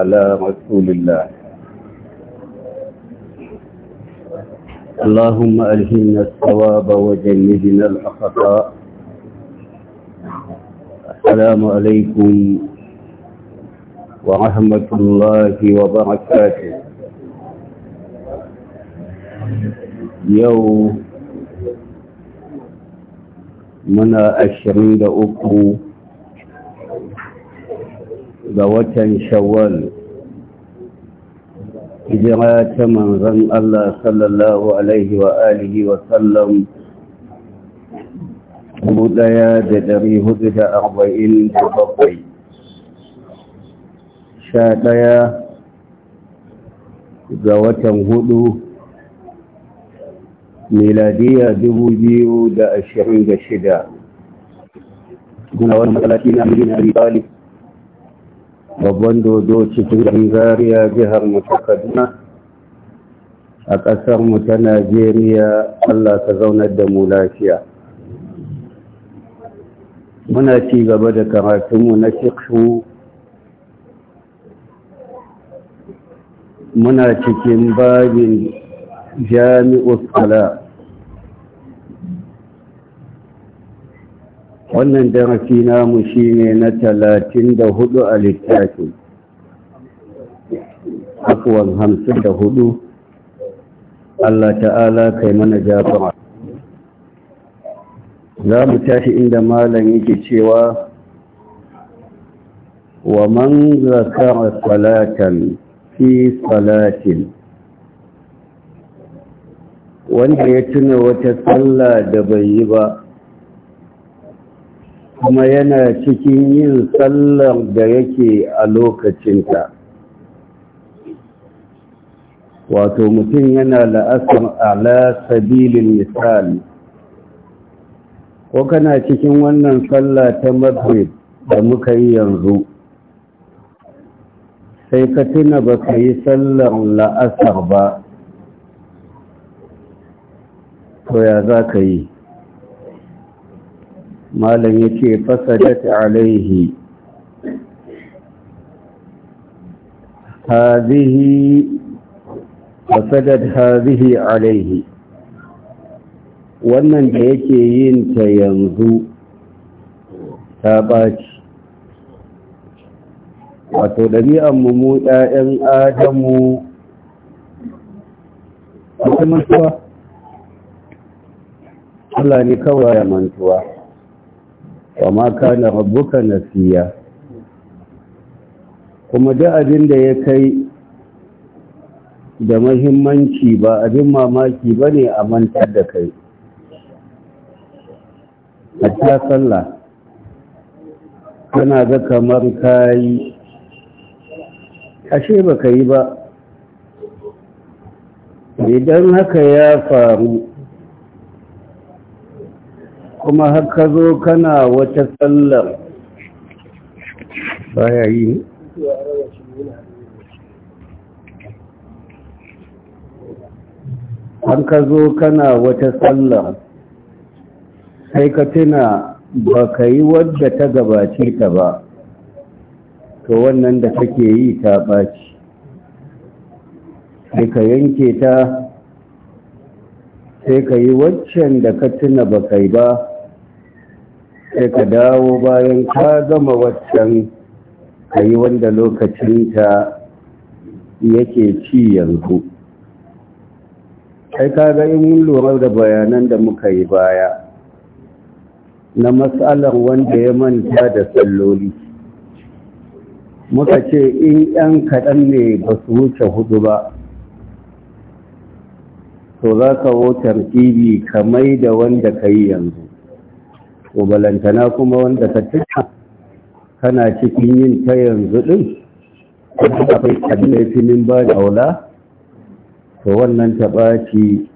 على رسول الله اللهم ألهمنا الصواب وجنبنا الأخطاء السلام عليكم ورحمة الله وبركاته يوم منا أشرين أكو ga watan shawwal hijira ta manzon Allah sallallahu alaihi wa alihi wa sallam dubu ɗaya da dari hudu da arba'in da bakwai sha ɗaya ga watan hudu miladiya dubu biyu da ashirin da shida. Guna wani matsalaci na Abin Talib babban dodo cikin zariya jihar mu kaduna a ƙasar mu ta najeriya allah ka zaunar da mu lafiya muna ci gaba da karatunmu na fiqhu muna cikin babin jami'u kala. wannan darasi namu shine na talatin da hudu a littafi afuwan hamsin da hudu Allah ta'ala kai mana jafara za mu tashi inda malam yake cewa wa man zakara salatan fi salatin wanda ya tuna wata sallah da bai yi ba kuma yana cikin yin sallar da yake a lokacinta wato mutum yana la'asar ala sabilin misali ko kana cikin wannan sallah ta madrid da muka yi yanzu sai ka tuna ba ka yi sallar la'asar ba to ya za ka yi malam yace fasadat alaihi hadhihi fasadat hadhihi alaihi wannan da yake yin ta yanzu ta baci wato ɗabi'an mu ɗayan adamu a mantuwa Allah ne kawai mantuwa wa na kana rabbuka nasiya kuma duk abin da ya kai da mahimmanci ba abin mamaki ba ne a mantar da kai a ta sallah kana ga kamar kayi ashe ba ka yi ba idan haka ya faru kuma har ka zo kana wata tsallar baya yi ne har ka zo kana wata tsallar sai ka tuna ba ka yi wadda ta gabace ta ba to wannan da ke yi ta ɓaci sai ka yanke ta sai ka yi waccan da ka tuna ba kai ba sai ka dawo bayan ka gama waccan ka yi wanda lokacinta yake ci yanzu kai ka in mun lura da bayanan da muka yi baya na matsalar wanda ya manta da salloli muka ce in 'yan kaɗan ne ba su wuce hudu ba to za ka wutar tv ka mai da wanda ka yi yanzu to balantana kuma wanda ka tuka kana cikin yin ta yanzu ɗin kuma akwai abin da filin nimba da aula to wannan ta ɓaci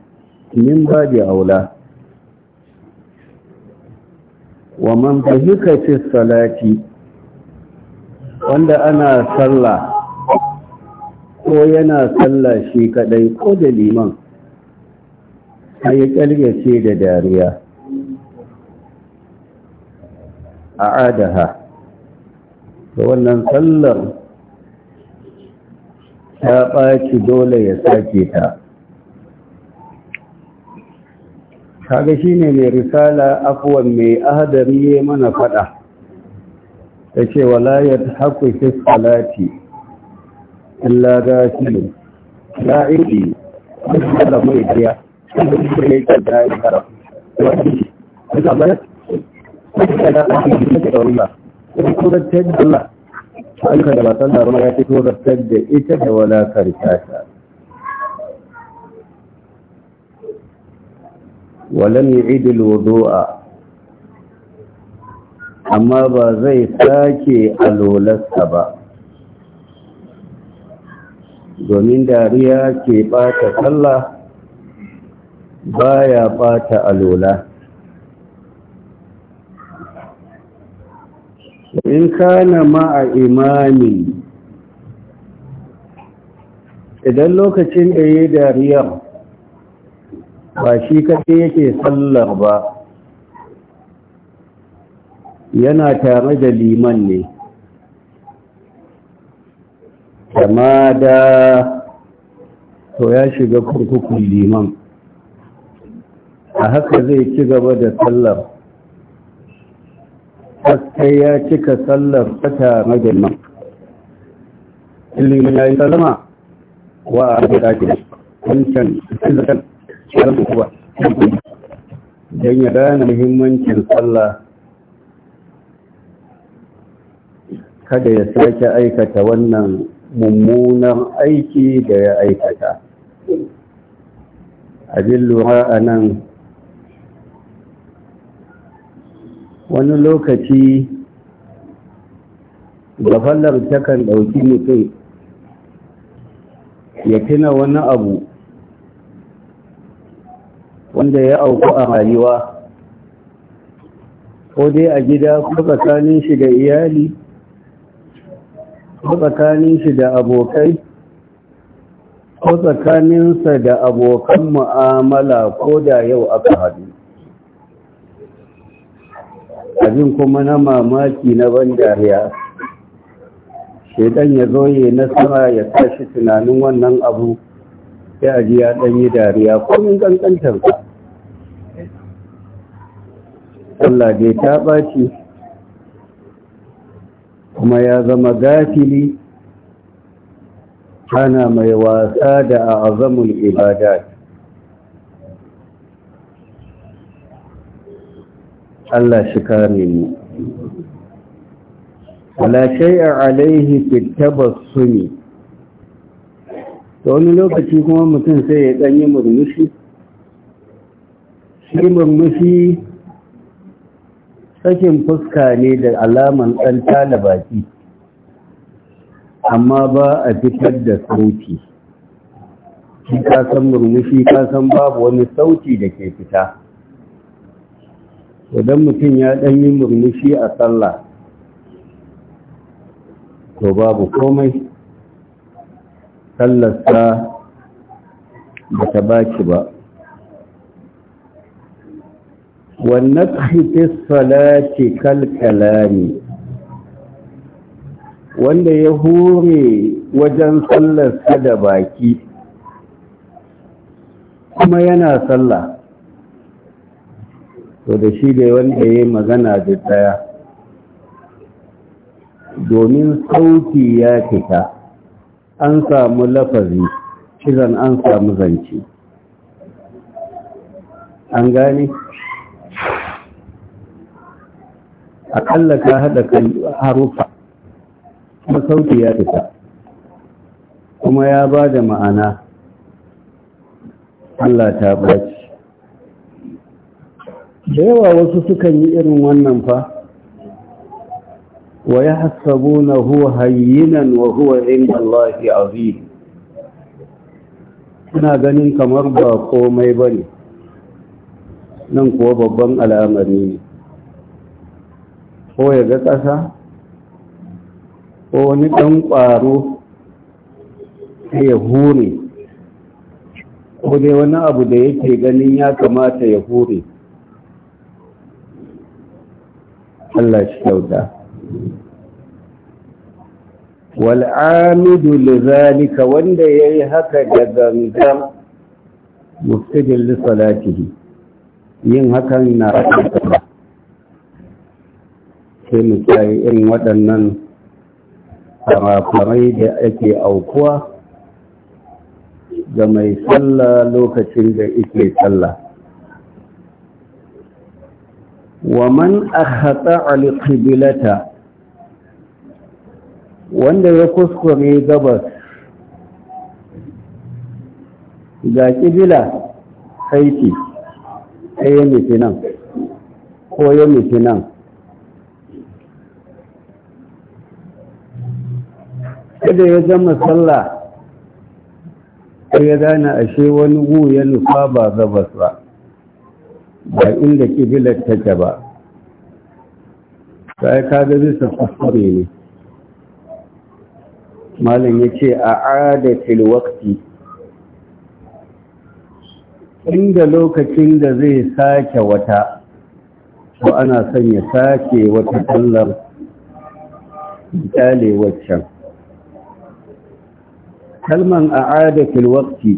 min ba da aula wa man fahika ce salati wanda ana sallah ko yana sallah shi kaɗai ko da liman sai ya ce da dariya a'adaha da wannan sallar ta ɓaci dole ya sake ta kaga shine mai risala afwan mai ya mana fada tace wala yadhaku fi salati illa ghafil la idi da mai diya da mai da da kuka da ake yi da ɗauriya kuka kurantar da Allah ayyukan da ba san da ruwa ya ce zartar da ita da wala karta ta walam yu'id al-wudu'a amma ba zai sake alolarsa ba domin dariya ke bata sallah ya bata alola in kana ma'a imamin idan lokacin da ya dariyar ba shi kaɗai yake sallar ba yana tare da liman ne kama da to ya shiga kurkukun liman a haka zai ci gaba da sallar sai ya cika sallar fata magirman ilimin ya yi salama wa a rabu daki da wancan zakan sharan don ya gane muhimmancin sallah kada ya sake aikata wannan mummunan aiki da ya aikata abin lura a nan wani lokaci gafallar takan ɗauki mutum ya tuna wani abu wanda ya auku a rayuwa ko dai a gida ko tsakanin shi da iyali ko tsakanin shi da abokai ko tsakaninsa da abokan mu'amala ko da yau aka haɗu abin kuma na mamaki na ban dariya shaidan ya zo ya nasara ya tashi tunanin wannan abu ya aji ya ɗanyi dariya komin ƙanƙantar ka Allah dai ta ɓaci kuma ya zama gafili ana mai wasa da a azamun ibadat Allah shi kare mu wala shay'a alaihi ne. to wani lokaci kuma mutum sai ya danyi murmushi shi murmushi sakin fuska ne da alaman ɗan baki. amma ba a fitar da sauti shi kasan murmushi kasan babu wani sauti da ke fita idan mutum ya ɗan yi murmushi a sallah to babu komai tsallasta ba ta baci ba wannan haifis salati ne. wanda ya hure wajen tsallasta da baki kuma yana sallah to da shi dai wanda ya magana da daya domin sauti ya fita an samu lafazi cizan an samu zance an gane aƙalla ka haɗa harufa kuma sauti ya fita kuma ya ba da ma'ana Allah ta baci da yawa wasu sukan yi irin wannan fa wa ya hasabu na huwa hayyinan wa huwa inda Allah azim suna ganin kamar ba komai ba ne nan kuwa babban al'amari ne ko ya ga ƙasa ko wani ɗan ƙwaro ya hure ko dai wani abu da yake ganin ya kamata ya hure Allah shi kyauta wal'amidu lizalika wanda ya yi haka da gangan mufsidin lissalatihi yin hakan na rasarwa sai mu kyayi irin waɗannan farafarai da ake aukuwa ga mai tsalla lokacin da ike sallah. ومن أخطأ لقبلته wanda ya kuskure gabas ga ƙibila haiti ɗaya nan ko ya mace nan kada ya zama sallah ya gane ashe wani gu ya nufa ba gabas ba ba inda kibilar take ba sai kaga bisa kuskure ne malam ya ce a adatil wakti inda lokacin da zai sake wata ko ana son ya sake wata sallar kyale waccan kalman a adatil wakti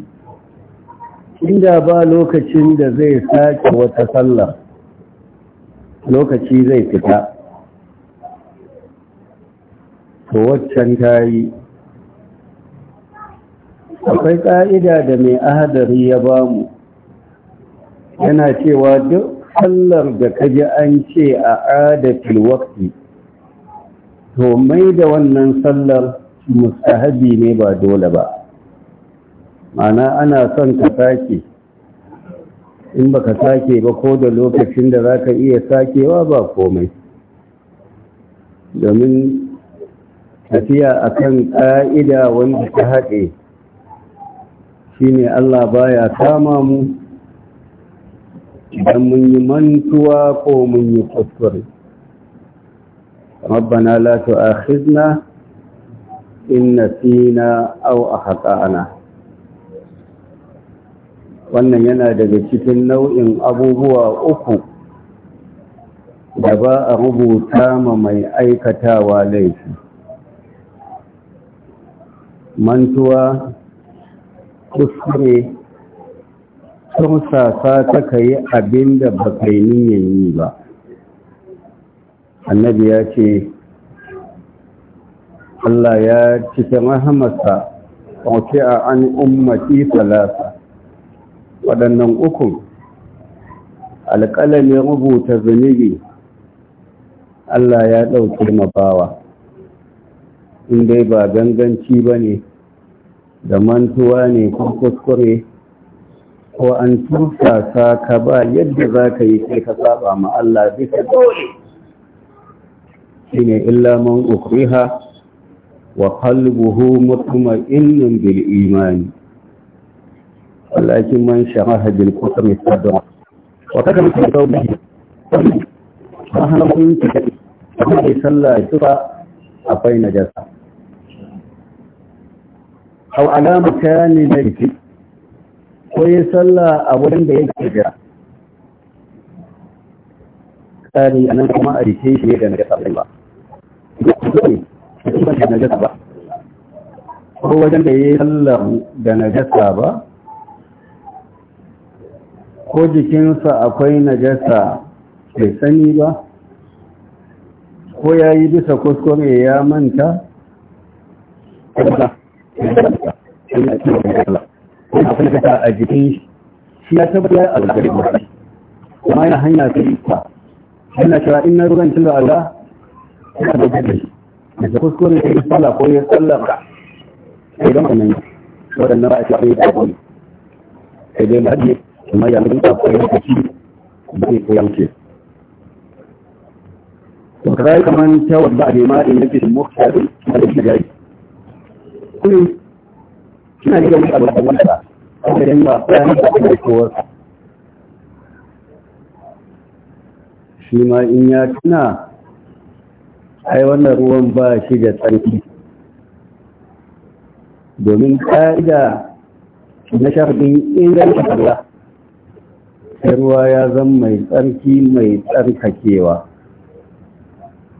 inda ba lokacin da zai sake wata sallar lokaci zai fita to waccan ta yi akwai ƙa'ida da mai ahadari ya ba mu yana cewa duk sallar da ka an ce a adatil wakti to mai da wannan sallar mustahabi ne ba dole ba ma'ana ana son ka sake in baka sake ba ko da lokacin da za ka iya sakewa ba komai domin tafiya akan ƙa'ida wanda ta haɗe shine Allah baya kama mu idan mun yi mantuwa ko mun yi kuskure ربنا لا تؤاخذنا in نسينا aw akhtana wannan yana daga cikin nau'in abubuwa uku da ba a rubuta ma mai aikatawa laifi mantuwa kuskure tursasa ta ka yi abin da ba kai niyan yi ba annabi ya ce Allah ya cikin rahamarsa ƙauke a an ummati talata waɗannan ukun alƙalamin rubuta zunubi Allah ya ɗauke mabawa in dai ba ganganci ba ne da mantuwa ne ko kuskure ko an sa ka ba yadda za ka yi sai ka saba ma Allah bisa dole ne illa man ukriha wa qalbuhu mutma'innun bil imani ولكن من شرح بالقسم صدرا وكتب في قوله فهنا كنت كتب صلى شفا أقوي نجاسة أو على مكان نجسي ويصلى أولا بيجي tsari a nan kuma a rike shi ne da na gasa ba ko wajen da ya yi sallahu da na gasa ba ko jikinsa akwai najasa bai sani ba ko ya yi bisa kuskure ya manta a jikin shi ya tabbata a zagari yana hanya cin da ya da kuskure yi tsalla ko ya idan wannan waɗannan ba a da ne amma ya mutu akwai lokaci da zai koya muke to ka rayu kamar tawar ba a nema in yake da mukhtar da shi gari kuma kina ga wani abu da wanda ba da yamma ba ya mutu da kowa shi ma in ya tuna ai wannan ruwan ba shi da tsarki domin ƙa'ida na shafin ingancin Allah sai ruwa ya zan mai tsarki mai tsarkakewa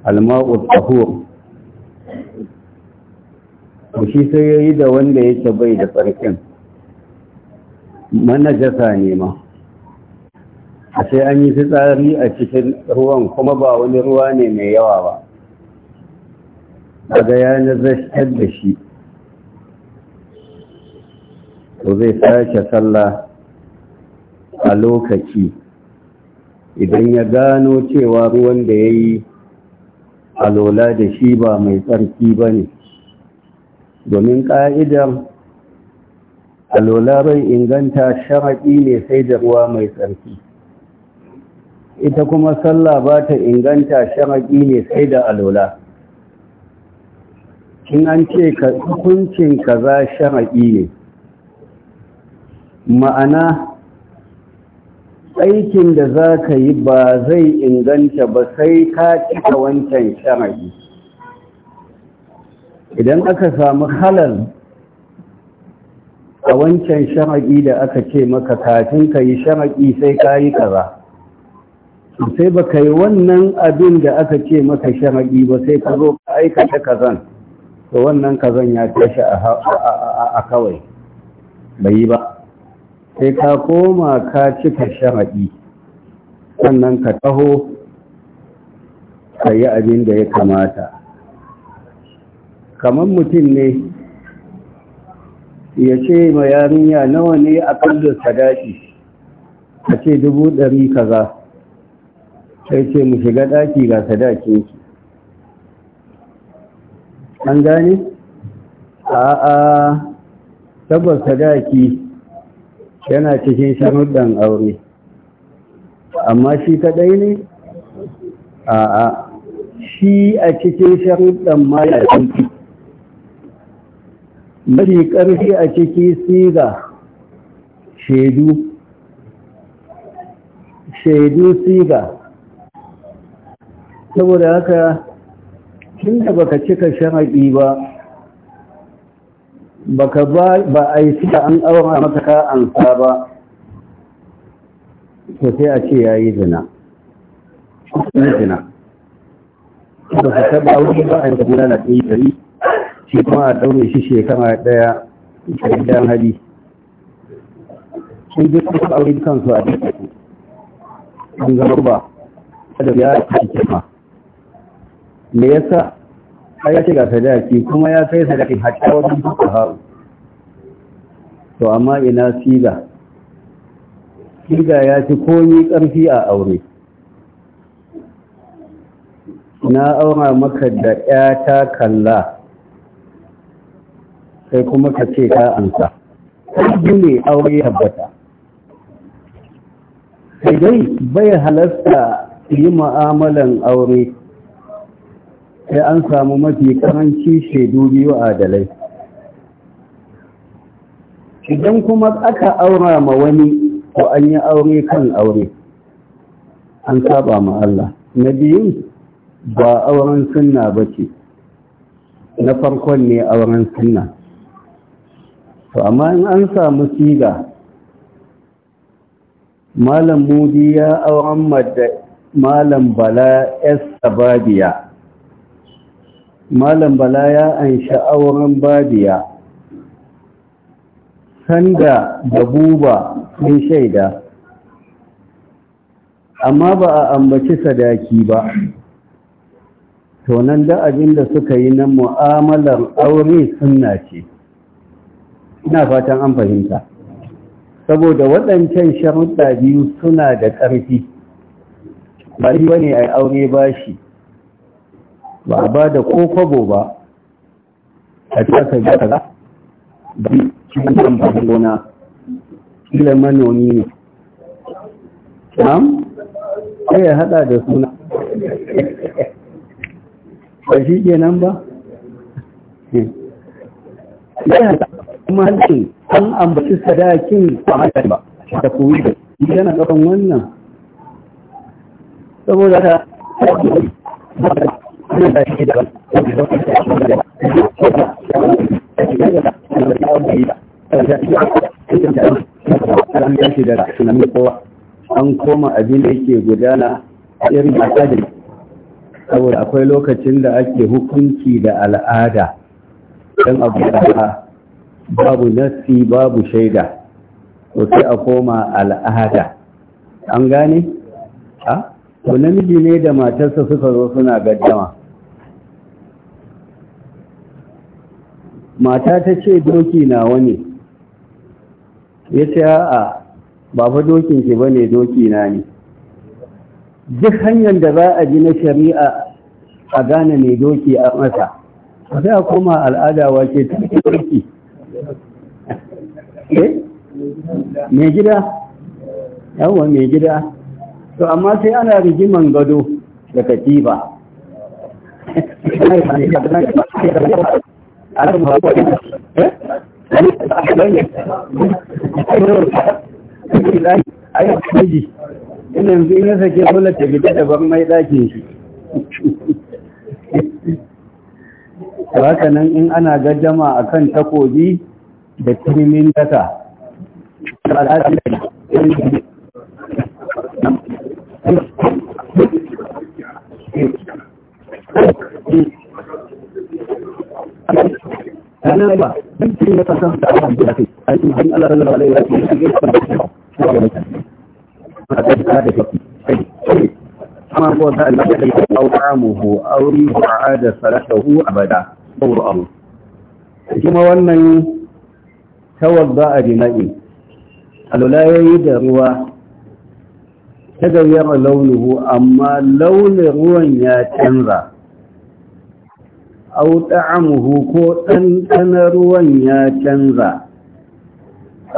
alma'ul tahur to shi sai ya yi da wanda yake bai da tsarkin manajasa ne ma a sai an yi tsari a cikin ruwan kuma ba wani ruwa ne mai yawa ba daga ya nazartar da shi to zai sake sallah a lokaci idan ya gano cewa ruwan da ya yi alola da shi ba mai tsarki ba ne domin ƙa'idar alola bai inganta sharaɗi ne sai da ruwa mai tsarki ita kuma sallah ba ta inganta sharaɗi ne sai da alola in an ce hukuncin kaza sharaɗi ne ma'ana aikin da za ka yi ba zai inganta ba sai ka cika wancan shara'i idan aka samu halal a wancan shara'i da aka ce maka kafin ka yi shara'i sai ka yi kaza sai ba ka yi wannan abin da aka ce maka shara'i ba sai ka zo ka aikata kazan to wannan kazan ya tashi a kawai bai yi ba sai ka koma ka cika sharaɗi sannan ka taho ka yi abin da ya kamata kamar mutum ne ya ce ma yarinya nawa ne a kallon sadaki a ce dubu ɗari kaza sai ce mu shiga ɗaki ga sadakinki an gane? a'a tabbas sadaki yana cikin shanuddan aure amma shi kadai ne a'a shi a cikin shanuddan ma ya ɗanfi mafi ƙarfi a ciki siga shaidu shaidu siga saboda haka tun da baka cika sharaɗi ba baka ba ba a yi suka an aura maka ka an ba to sai a ce yayi zina yi zina ba ka taba aure ba a yi kula da ɗaya dari shi kuma a daure shi shekara ɗaya a gidan hali sun duk kuma aure kansu a su. an zama ba da ya ci kima me yasa ai ya ce ga sadaki kuma ya kai sadaki hatta wajen duka haɗu. to amma ina siga siga ya ci komi ƙarfi a aure na aura maka da ƴata kalla sai kuma ka ce ka ansa ne aure tabbata sai dai bai halasta yi ma'amalan aure sai an samu mafi karanci shaidu biyu adalai idan kuma aka aura ma wani ko an yi aure kan aure an saba ma Allah na biyun ba auren sunna ba ce na farkon ne auren sunna to amma in an samu siga malam mudi ya auren malam bala es sababiya malam bala ya an auren badiya sanda da buba sun shaida amma ba a ambaci sadaki ba tonan da abin suka yi na mu'amalar aure sunna ce ina fatan an fahimta saboda waɗancan sharuɗa biyu suna da ƙarfi ba ne a aure bashi ba a ba da ko kwabo ba a tasa gata ga cikin amfani gona kila manomi ne am sai ya hada da suna ba shi ke nan ba kuma halcin an ambaci sadakin ba hankali ba ta kuwi da yana kafan wannan saboda ta ba an koma abin da yake gudana a irin al'adar saboda akwai lokacin da ake hukunci da al'ada don abu da babu nasi, babu shaida ko sai a koma al'ada an gane? a? namiji ne da matarsa suka zo suna gaddama mata ta ce doki na wani ya ce a babu fa dokin ki bane doki na ne duk hanyar da za a ji na shari'a a gane mai doki a masa za a koma al'ada wace ta doki eh mai gida yawon mai gida to amma sai ana rigiman gado da katiba عدم ina yanzu ina sake kula daban mai ɗakin shi nan in ana gajama a kan takobi da turmin tata Thank you. nan ba dan ce na san da Allah ya kai ai in bin Allah sallallahu alaihi wa sallam ya kai amma ko da Allah ya kai au amuhu au rihu aada salatuhu abada saur Allah kuma wannan tawadda a Alula ya yi da ruwa ta gayyara launuhu amma launin ruwan ya canza au ta'amuhu ko ɗanɗana ruwan ya canza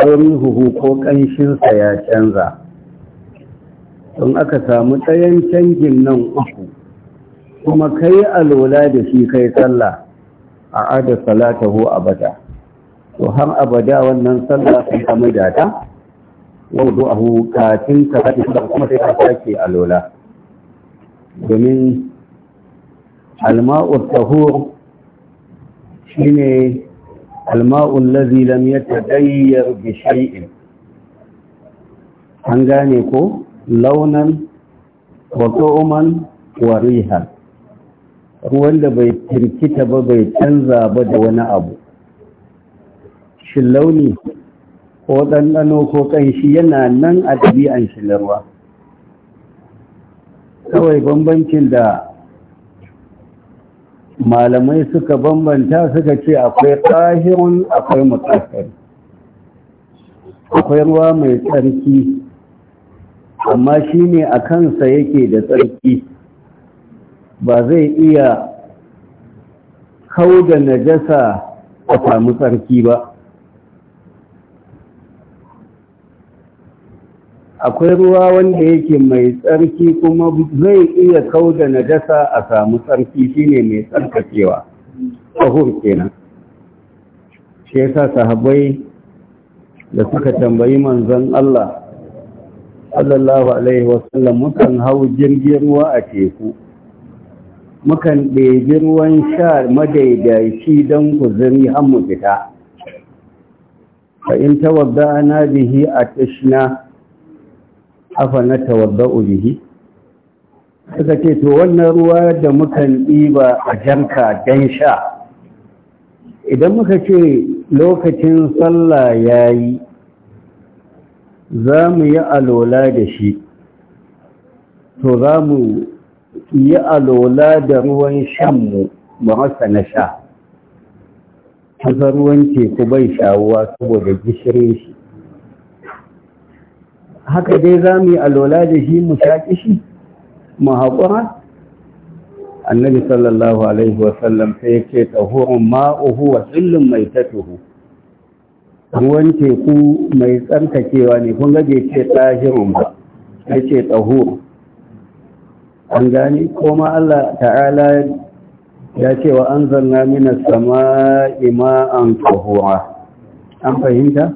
huhu ko ƙanshinsa ya canza don aka samu ɗayan canjin nan uku kuma kai alola da shi kai sallah a ada salatahu abada to har abada wannan sallah sun kama da ta waudu ahu kafin ka kuma sai ka sake alola domin alma'ul tahur shine alma'ul ladhi lam yatagayyar bi shay'in an gane ko launan wa ta'uman wa rihan wanda bai tirkita ba bai canza ba da wani abu shi launi ko ɗanɗano ko ƙanshi yana nan a ɗabi'an shi ruwa kawai bambancin da malamai suka bambanta suka ce akwai ƙahirun akwai mutakar akwai ruwa mai tsarki amma shi ne a kansa yake da tsarki ba zai iya kau da najasa a samu tsarki ba akwai ruwa wanda yake mai tsarki kuma zai iya kauda najasa a samu tsarki shine mai tsarkakewa tahur kenan shi yasa sahabbai da suka tambayi manzon Allah sallallahu alaihi wasallam mukan hau jirgin ruwa a teku mukan ɗebi ruwan sha madaidaici don guzuri har mu fita Ka in tawadda ana bihi a tashna afana na bihi suka ce to wannan ruwa da mukan ɗiba a janka dan sha idan muka ce lokacin sallah ya yi za mu yi alola da shi to za mu yi alola da ruwan shanmu ba masa na sha Kasa ruwan teku bai shawuwa saboda gishirin shi haka dai za mu yi alola da shi mu shaƙi shi mu haƙura annabi sallallahu alaihi wasallam sai ya ce tsahurin ma'uhu wa tsillin mai tatuhu ruwan teku mai tsarkakewa ne kun gaje ce tsahirun ba ya ce tsahur an gani koma Allah ta'ala ya ce wa an zanna mina sama ima'an tsahura an fahimta?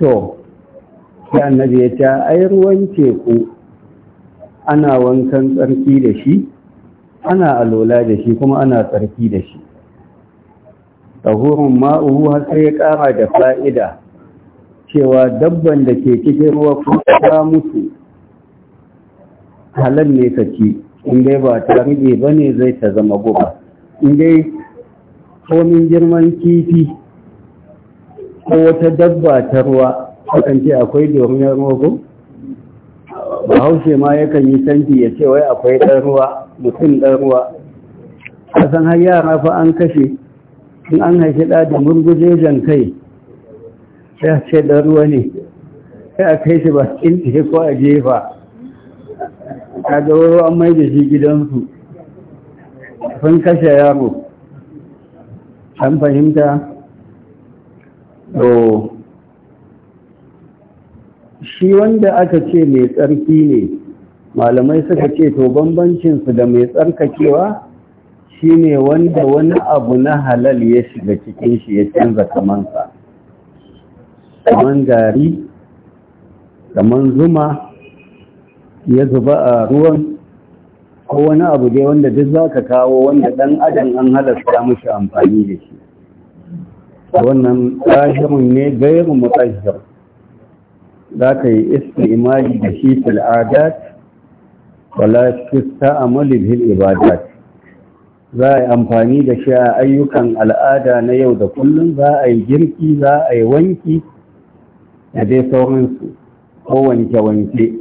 to sai annabi ya ta ai ruwan teku ana wankan tsarki da shi ana alola da shi kuma ana tsarki da shi tahurun ma'uhu har sai ya kara da fa'ida cewa dabban da ke cikin ruwa ko ta mutu halal ne ka ci in dai ba ta rige ba ne zai ta zama guba in dai komin girman kifi ko wata dabba ta ruwa kasance akwai domin ya ba. haushe ma yakan yi canji ya ce wai akwai ɗan ruwa mutum ɗan ruwa san har yara fa an kashe in an haifi ɗa da murguje jan kai sai a ce ɗan ruwa ne sai a kai shi ce ko a jefa a ga wuri an mai da shi gidansu sun kashe yaro an fahimta shi wanda aka ce mai tsarki ne malamai suka ce to bambancinsu da mai tsarkakewa shi ne wanda wani abu na halal ya shiga cikin shi ya canza kamansa kaman gari kaman zuma ya zuba a ruwan ko wani abu dai wanda duk za ka kawo wanda dan adam an halasta mushi amfani da shi wannan tsahirin ne mu mutashir za ka yi istimali da shi fil'adat adat wala a bil ibadat za a yi amfani da shi a ayyukan al'ada na yau da kullum za a yi girki za a yi wanki da dai sauransu ko wanke-wanke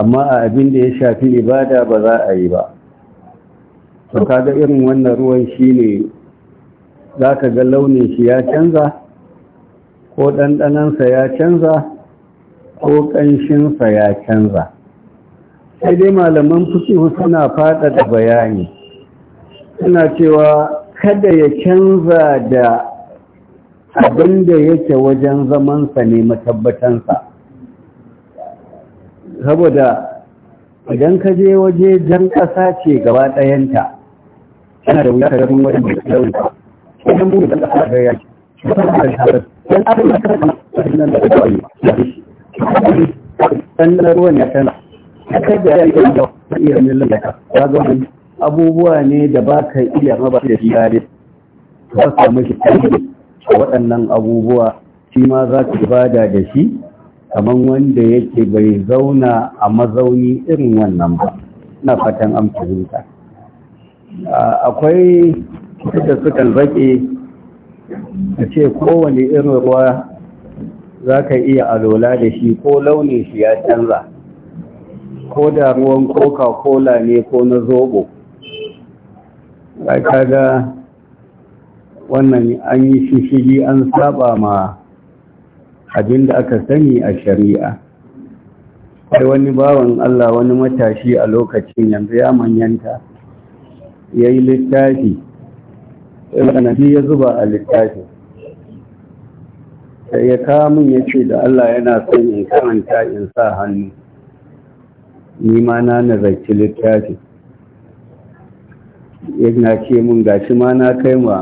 amma a abin da ya shafi ibada ba za a yi ba to kaga irin wannan ruwan shi ne za ka ga launin shi ya canza ko ɗanɗanansa ya canza ko ƙanshinsa ya canza sai dai malaman fusihu suna da bayani suna cewa kada ya canza da abin da yake wajen zamansa ne matabbatansa saboda idan ka je waje jan ƙasa ce gaba ɗayanta yana da wuya ka wani wajen da ya wuce wajen jan ƙasa da ya ce sannan ruwan ya tana kada ya yi da iya millan ya ta ga wani abubuwa ne da ba ka iya ma ba da shi yare ba samu shi a waɗannan abubuwa shi ma za ka ibada da shi kamar wanda yake bai zauna a mazauni irin wannan ba na fatan amfahinta akwai da sukan zaƙe a ce kowane irin ruwa za ka iya alola da shi ko launin shi ya canza ko da ruwan coca-cola ne ko na zobo ka ga wannan an yi shishigi an saba ma abin da aka sani a shari'a Sai wani bawan Allah wani matashi a lokacin yanzu ya manyanta ya yi littafi ya zuba a littafin sai ya min ya ce da Allah yana son in karanta in sa hannu ni ma na nazarci littafi. yana ce mun gashi ma na kai ma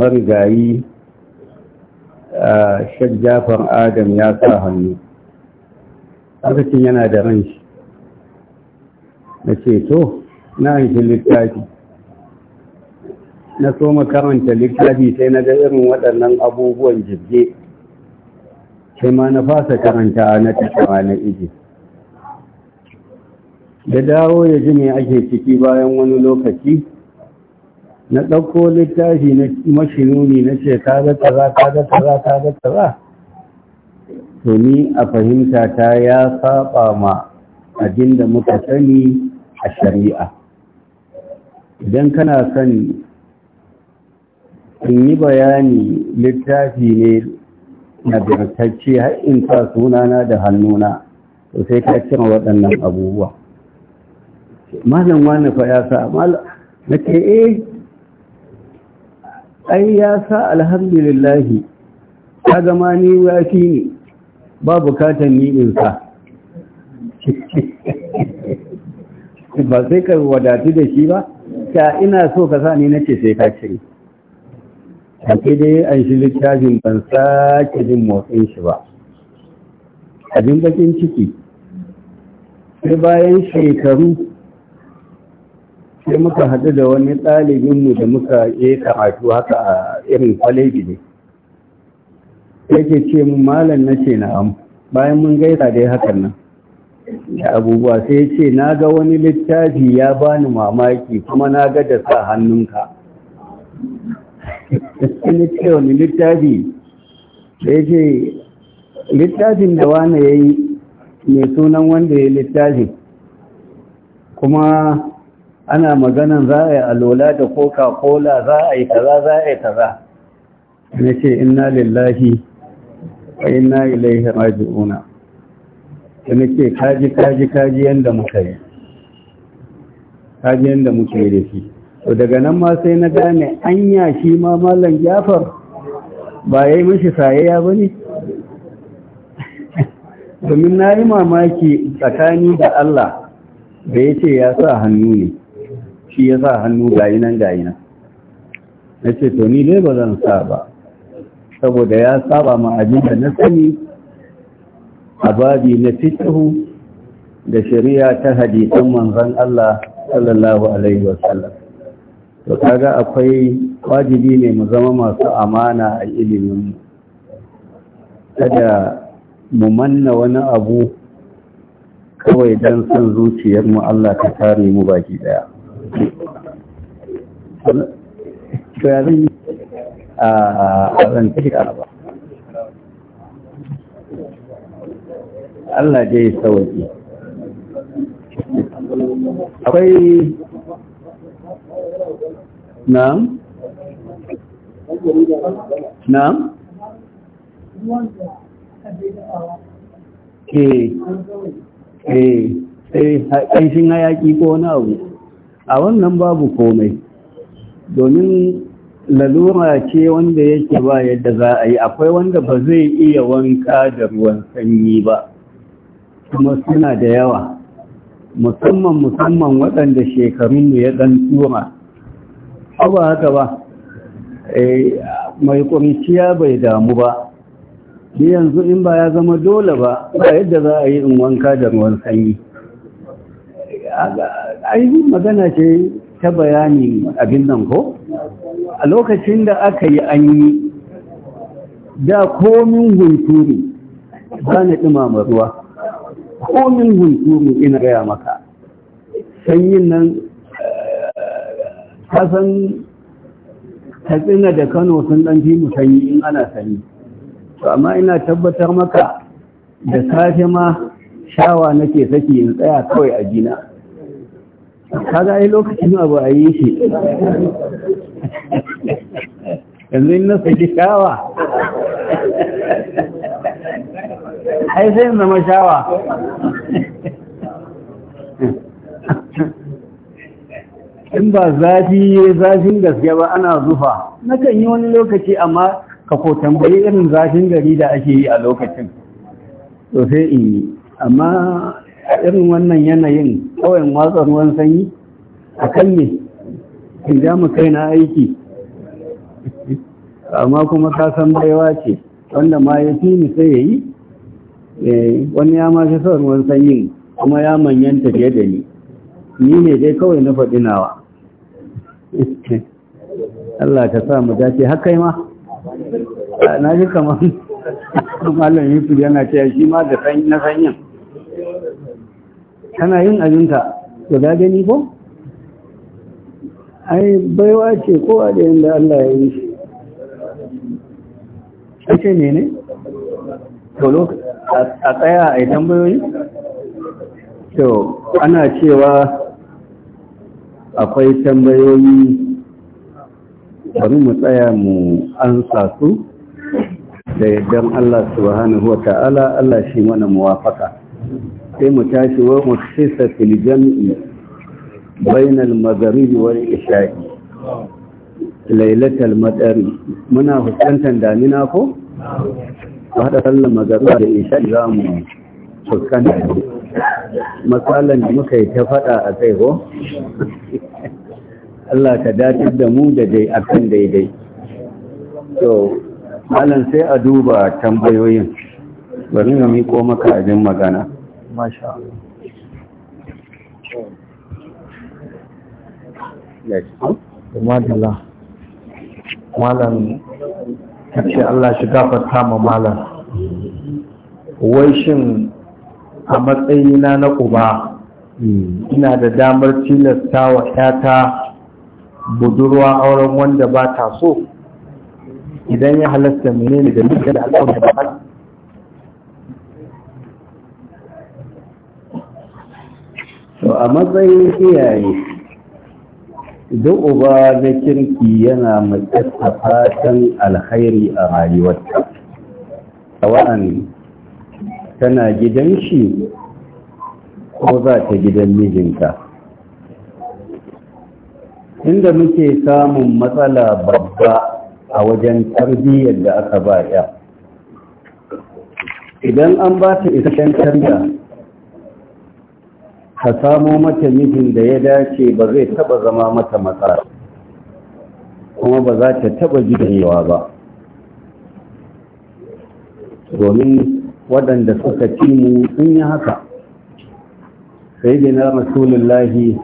marigayi a shek adam ya sa hannu lokacin yana da ranshi na ce to na hanki littafi na so karanta littafi sai na ga irin waɗannan abubuwan jirge sai ma na fasa karanta na tashawa na iji da dawo ya ji me ake ciki bayan wani lokaci na ɗauko littafi na mashinuni na ce ka ga ka ga kaga ka ga kaza to ni a fahimta ta ya saba ma abin da muka sani a shari'a idan kana son in yi bayani littafi ne nagartacce har in sa sunana da hannuna to sai ka cin waɗannan abubuwa malam wani fa ya sa na ce e? ai ya sa alhamdulillahi ta gama ni wafi ne ba bukatar in sa ba sai ka wadatu da shi ba ta ina so ka sa ni ce sai ka cire da dai an shi littafin ban sake jin motsin shi ba abin bakin ciki sai bayan shekaru sai muka haɗu da wani ɗalibinmu da muka yi karatu haka a irin kwaleji ne yake ce mu malam na ce na na'am bayan mun gaisa dai hakan nan da abubuwa sai ce na ga wani littafi ya bani mamaki kuma na ga da sa hannunka in ce wani littafi da ya ce littafin da wani ya yi mai sunan wanda ya littafi kuma ana maganan za a yi alola da coca-cola za a yi kaza za a yi kaza na ce ina lillahi wa inna ilaihi raji'una da na kaji kaji kaji yadda muka yi kaji yadda muka yi da shi to daga nan ma sai na gane anya shi ma malam jafar ba ya yi mashi sayayya ba ne domin na yi mamaki tsakani da Allah da ya ce ya sa hannu ne shi ya sa hannu gayi nan gayi nan na ce to ni dai ba zan sa ba saboda ya saba ma abinda na sani a babi na fitahu da shari'a ta hadisan manzon Allah sallallahu alaihi wasallam to kaga akwai wajibi ne mu zama masu amana a ilimin kada mu manna wani abu kawai don son zuciyarmu Allah ta tare mu baki daya to ya a ba Allah dai sauki akwai na'am na'am eh eh eh ƙanshin hayaƙi ko na abu a wannan babu komai domin lalura ce wanda yake ba yadda za a yi akwai wanda ba zai iya wanka da ruwan sanyi ba kuma suna da yawa musamman musamman waɗanda shekarunmu ya ɗan tura ba haka ba eh, mai ƙuruciya bai damu ba ni yanzu in ba ya zama dole ba ba yadda za a yi in wanka da ruwan sanyi ainihin magana ce ta bayani abin nan ko a lokacin da aka yi an yi da komin hunturu ba na ɗumama ruwa komin hunturu ina gaya maka sanyin nan kasan katsina da kano sun ɗan fi mu in ana sanyi to amma ina tabbatar maka da safe ma shawa nake saki in tsaya kawai a ka kaga ai lokacin abu a yi shi yanzu ina saki shawa ai sai zama shawa in ba zafi zafin gaske ba ana zufa nakan yi wani lokaci amma ka ko tambayi irin zafin gari da ake yi a lokacin to sai in yi amma irin wannan yanayin kawai watsa ruwan sanyi a kan ne in ja mu kai na aiki amma kuma ka san baiwa ce wanda ma ya fi ni sai ya yi eh, wani ya ma fi son ruwan sanyin kuma ya manyanta fiye da ni ni ne dai kawai na faɗi nawa Allah ka sa mu dace haka ma na ji kamar malam yusuf yana ce shi ma da na sanyin kana yin abinka to ga gani ko ai baiwa ce kowa da yadda Allah ya yi shi ake ne ne? tolo a tsaya a yi tambayoyi? to ana cewa akwai tambayoyi bari mu tsaya mu ansa su da yardan Allah subhanahu wa ta'ala Allah shi mana muwafaka sai mu tashi wa mukhsisa fil jam'i bain al maghrib wal isha'i lailatul madari muna fuskantar damina ko ba da sallar maghrib da isha'i zamu fuskanta matsalan da muka yi ta faɗa a kai ko Allah ka datar da mu da dai akan daidai to malam sai a duba tambayoyin bari na ko maka abin magana masha Allah malam kace Allah shi gafarta ma malam wai shin a matsayina na uba ina da damar tilasta wa ƙyata budurwa auren wanda ba ta so idan ya halasta ne da nika da al'adun da ba to a matsayin iyaye duk uba na kirki yana ƙasa fatan alkhairi a rayuwarta a tana gidan shi ko za ta gidan mijinta inda muke samun matsala babba a wajen tarbiyyar da aka ba ya idan an ba ta isasshen tarbiya ka samo mata mijin da ya dace ba zai taba zama mata matsala kuma ba za ta taba jidewa ba domin waɗanda suka ci mu sun yi haka sai dina rasulullahi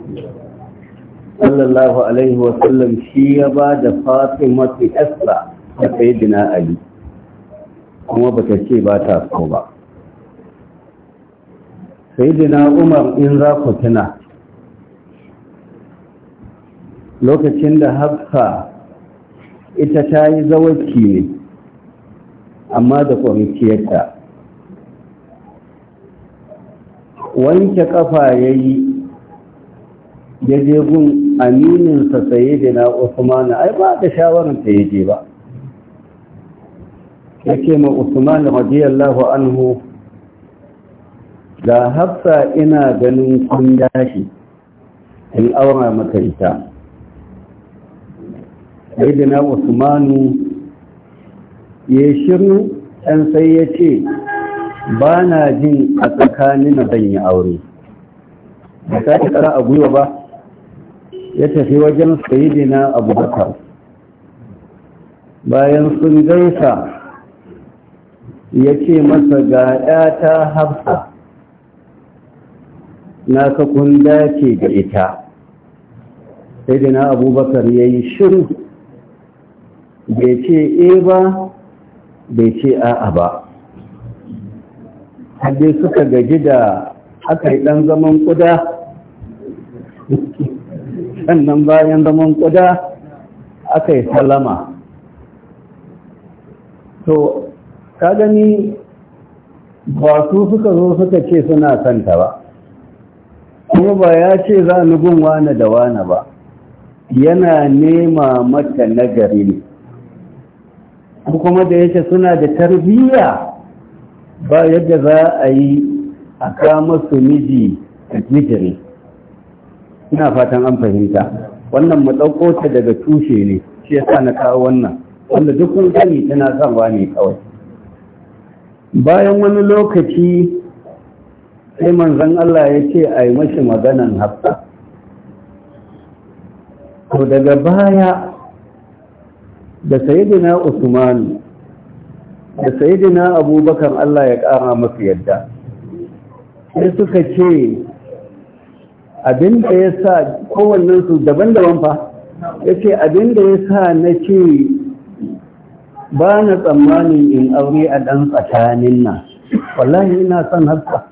sallallahu alaihi wasallam shi ya ba da fatimatu esra da sai dina ali kuma ba ta ce ba ta so ba sai dina umar in za ku tuna lokacin da haka ita ta yi zawarci ne amma da kwamiciyarta wanke kafa ya yi ya je gun amininsa saye da na usmanu ai ba da shawarar ta yaje ba ya ce ma usmanu radiyallahu anhu da hafsa ina ganin kun dashi in aura maka ita sai da na usmanu ya shiru ɗan sai ya ce ba na jin a tsakanin zan yi aure da ta ci kara a gwiwa ba ya tafi wajen abu abubakar bayan sun gaisa ya ce masa ga ‘yata hafsa na kun dace ga ita na abubakar ya yi shiru bai ce e ba bai ce a'a ba hadde suka gaji da aka yi ɗan zaman kuda sannan bayan zaman ƙuda aka yi salama to ka gani ba su suka zo suka ce suna santa ba kuma ba ya ce za ni gun wane da wane ba yana nema mata nagari ne kuma da yake suna da tarbiyya ba yadda za a yi a kama su miji jijiri ina fatan an fahimta wannan mu daga tushe ne shi ya na kawo wannan wanda duk kun tana sanwa ne kawai bayan wani lokaci sai manzon Allah ya ce a yi mashi maganan hafta to daga baya da sayyidina Usmanu. da sayidina abubakar Allah ya ƙara masu yadda sai suka ce da ya sa su daban-daban fa ya ce abinda ya sa na ce ba na tsammanin in aure a ɗan tsakanin nan wallahi ina son haka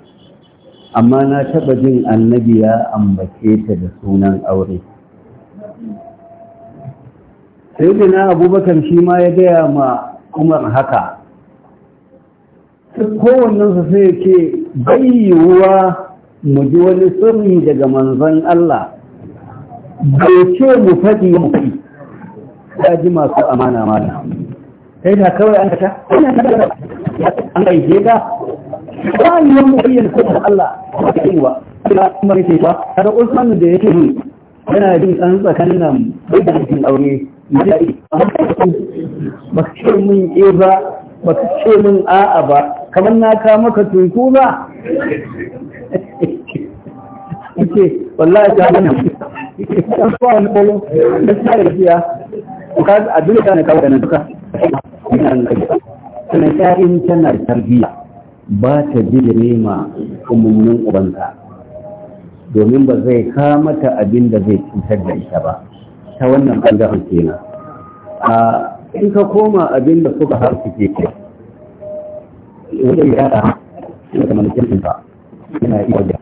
amma na taɓa jin annabi ya ambace ta da sunan aure sai abubakar shi ma ya gaya ma umar haka duk kowannensu sai ce bayyuwa mu ji wani sirri daga manzon Allah bai ce mu faɗi mu faɗi ya ji masu amana mana kai da kawai an kata an kai je ka ba yi wani bayyana kuma Allah ba ta yi wa ba kuma rike ba kada Usman da yake yi yana jin ɗan tsakanin nan bai da cikin aure ya ji ba ka ce mun e ba ba ka ce mun a'a ba kamar na ka maka tunku ba ce wallahi ta gana kan kuwa wani bolo da ta gajiya ka a duniya na kawo da na duka Kuna sha'in tana tarbiyya ba ta ji da nema umarnin ubanta domin ba zai kamata abin da zai cutar da ita ba ta wannan ɓangaren kenan a in ka koma abin da suka harfi ke kai wajen ya da ina da malikin sa yana yi wajen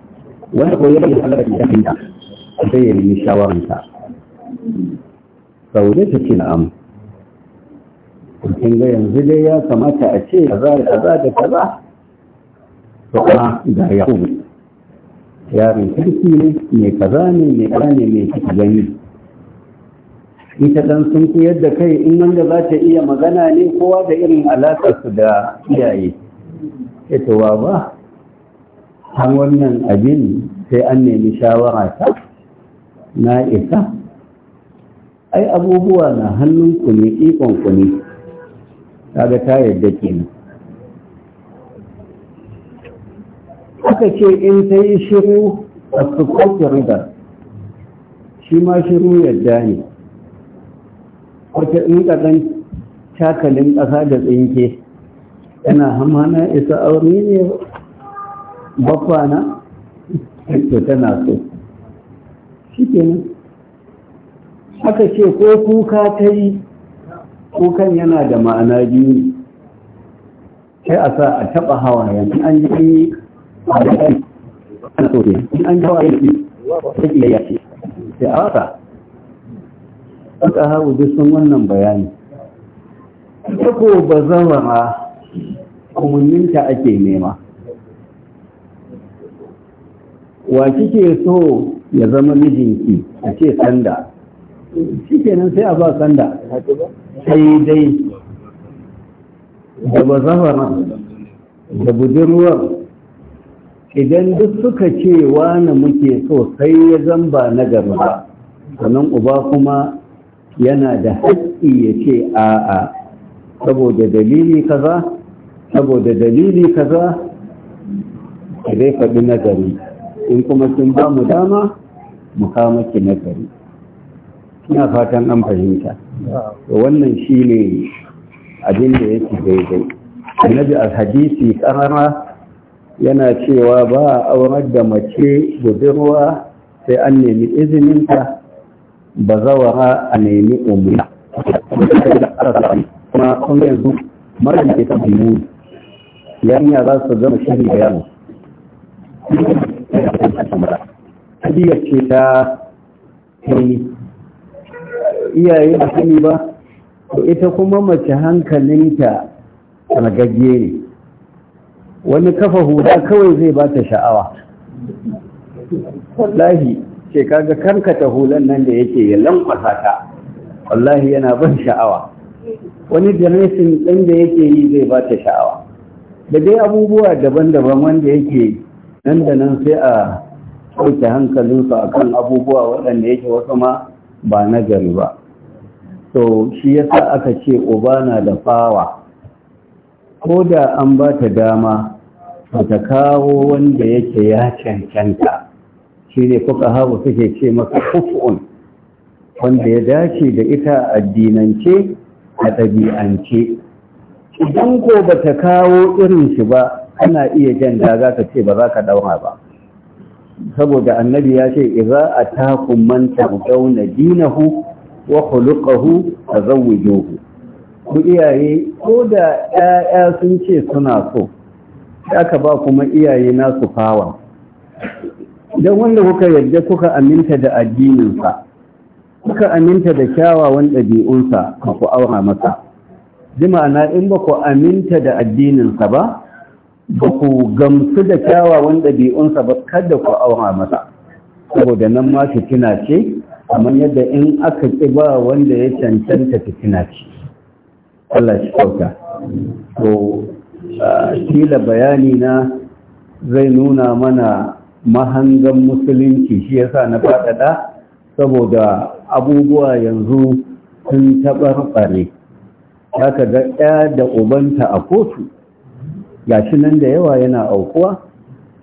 wanda ko ya bayyana Allah da idan da sai ya nemi shawaran ta sauje ta ce na'am kin ga yanzu dai ya kamata a ce kaza da kaza da kaza to kuma ga yakubu yaron kirki ne mai kaza ne mai kaza ne mai kika gani ita dan sun koyar da kai in wanda za ta iya magana ne kowa da irin alaƙarsu da iyaye ya cewa ba an wannan abin sai an nemi shawara ta na isa ai abubuwa na hannunku ne ikonku ne kaga ta yadda kenan aka ce in ta yi shiru a sukokin riba shi ma shiru yadda ne wata in ƙasan cakalin ƙasa da tsinke ina hamana isa aure ne babba na to tana so shi kenan aka ce ko kuka ta yi kukan yana da ma'ana biyu sai a sa a taɓa hawayen an yi a da ɗan in an hawaye da ta ƙiyayya ce sai a wata ka hawa sun wannan bayani ta ko ba zama umarninta ake nema wa kike so ya zama mijinki a ce sanda shi kenan sai a ba sanda sai dai da bazawara da budurwar idan duk suka ce na muke so sai ya zamba na gaba sannan uba kuma yana da haƙƙi ya ce a'a saboda dalili kaza saboda dalili kaza ki zai faɗi nazari in kuma sun ba mu dama mu kama ki nazari ina fatan an fahimta wannan shi ne abin da yake daidai annabi a hadisi karara yana cewa ba a aurar da mace budurwa sai an nemi izininta ba zawara a nemi umuna. kuma kuma yanzu mara da ke tafi yarinya za su zama shiri da yaro hadiyar ce ta yi. iyaye da sani ba to ita kuma mace hankalinta ragagge ne wani kafa huda kawai zai ba ta sha'awa wallahi ce kaga karkata hulan nan da yake ya lankwasa ta wallahi yana ban sha'awa wani janisin ɗin da yake yi zai ba ta sha'awa da dai abubuwa daban-daban wanda yake nan da nan sai a ɗauke hankalinsu a kan abubuwa waɗanda yake wasu ma ba na gari ba to shi yasa aka ce uba na da fawa ko da an ba ta dama ba ta kawo wanda yake ya cancanta shi ne kuka haɓu suke ce masa kufu'un wanda ya dace da ita addinance a ɗabi'ance idan ko ba ta kawo irin shi ba ana iya jan daga ka ce ba za ka ɗaura ba saboda annabi ya ce idza atakum man tabawna dinahu wa khuluquhu tazawwijuhu ku iyaye ko da 'ya'ya sun ce suna so aka ba kuma iyaye na su fawa don wanda kuka yarda kuka aminta da addininsa kuka aminta da kyawawan ɗabi'unsa ku aura masa bi ma'ana in ba ku aminta da addininsa ba ba ku gamsu da kyawawan ɗabi'unsa ba kada ku aura masa saboda nan ma fitina ce amma yadda in aka ƙi ba wanda ya cancanta fitina ce Allah shi kyauta to kila bayani na zai nuna mana mahangan musulunci shi yasa na faɗaɗa saboda abubuwa yanzu sun taɓarɓare ta ka ga ɗaya da ubanta a kotu gashi nan da yawa yana aukuwa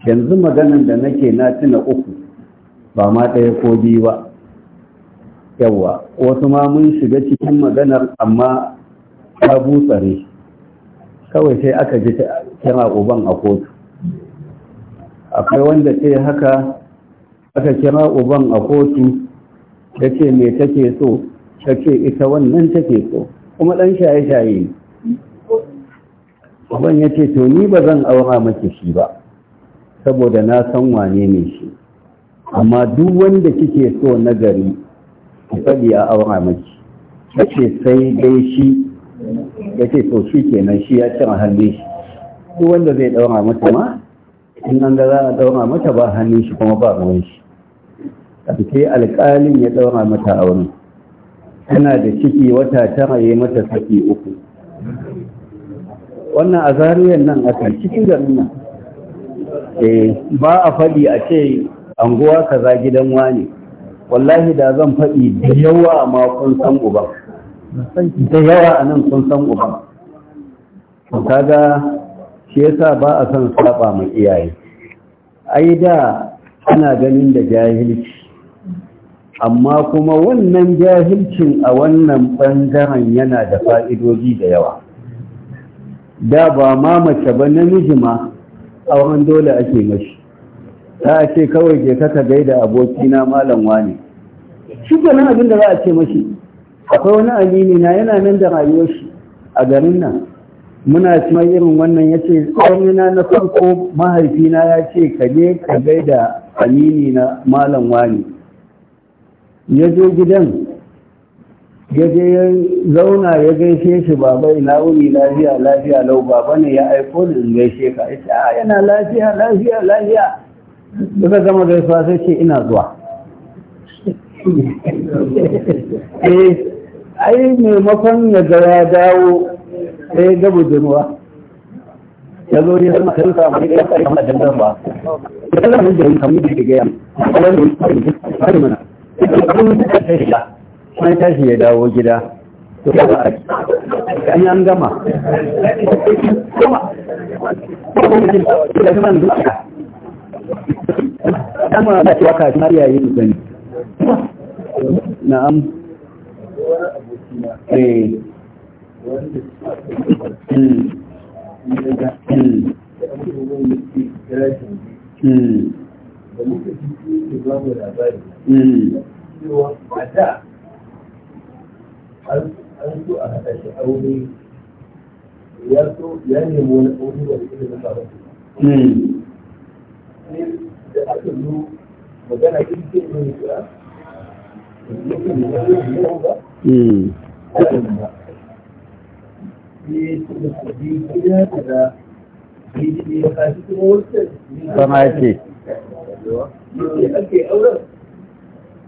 yanzu maganan da nake na tuna uku ba ma ɗaya ko biyu ba yawa wasu ma mun shiga cikin maganar amma ta butsare kawai sai aka ji kira uban a kotu akwai wanda ce haka aka kira uban a kotu ta ce me take so ta ce ita wannan take so kuma ɗan shaye-shaye uban ya ce to ni ba zan aura maki shi ba saboda na san wane ne shi amma duk wanda kike so na gari faɗi a aura maki ya ce sai dai shi ya ce to shi nan, shi ya a hannun shi duk wanda zai ɗaura mata ma in an a ɗaura mata ba hannun shi kuma ba ruwan shi ƙarfe alƙalin ya ɗaura mata a wani. tana da ciki wata tara yi mata saki uku wannan a zariyar nan aka cikin garin nan eh, ba a faɗi a ce anguwa kaza gidan wani wallahi da zan faɗi da yawa ma kun san uba da yawa a nan kun san uban kaga shi yasa ba a son saba ma iyaye ai da ana ganin da jahilci amma kuma wannan jahilcin a wannan ɓangaren yana da fa'idoji da yawa da ba ma mace ba namiji ma auren dole ake mashi ta ce kawai ke kaka gaida abokina malam wani shi ke nan abin da za a ce mashi akwai wani alini na yana nan da rayuwar shi a garin nan muna cima irin wannan ya ce tsamina na farko mahaifina ya ce ka je ka gaida na malam wani ya je gidan ya ya zauna ya gaishe shi baba ina wuni lafiya lafiya lau baba ne ya aiko ni in gaishe ka ita a ah, yana lafiya lafiya lafiya duka da gaisuwa sai ce ina zuwa eh ai maimakon ya ga ya dawo sai ga budurwa ya zo yi zama kan samu ne ya kamar dandan ba ya da yin kamar da ke gaya wani ne ya kare mana kuma tashi ya dawo gida to ba a yi an gama kuma da cewa kashi mariya yi gani na'am eh da muka ji cewa a da an so a haɗa shi aure ya so ya nemi wani aure da ke da ba da aka zo magana ne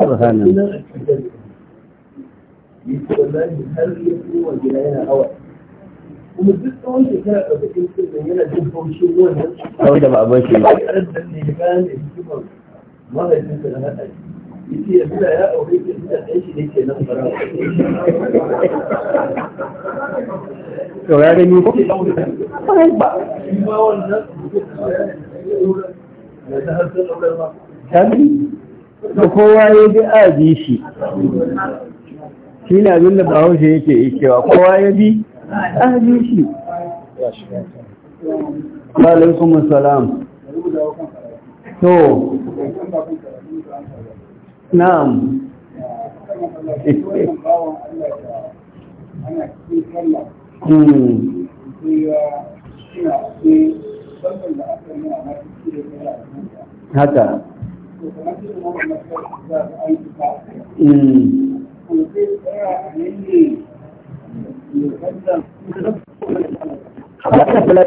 سبحان wanda ba abin shi ba to ya gani ko ba ta gani da kowa ya bi a bi shi shi ne abin da bahaushe yake cewa kowa ya bi a bi shi alaikum salam to na'am hmm. Haka. ba ta kula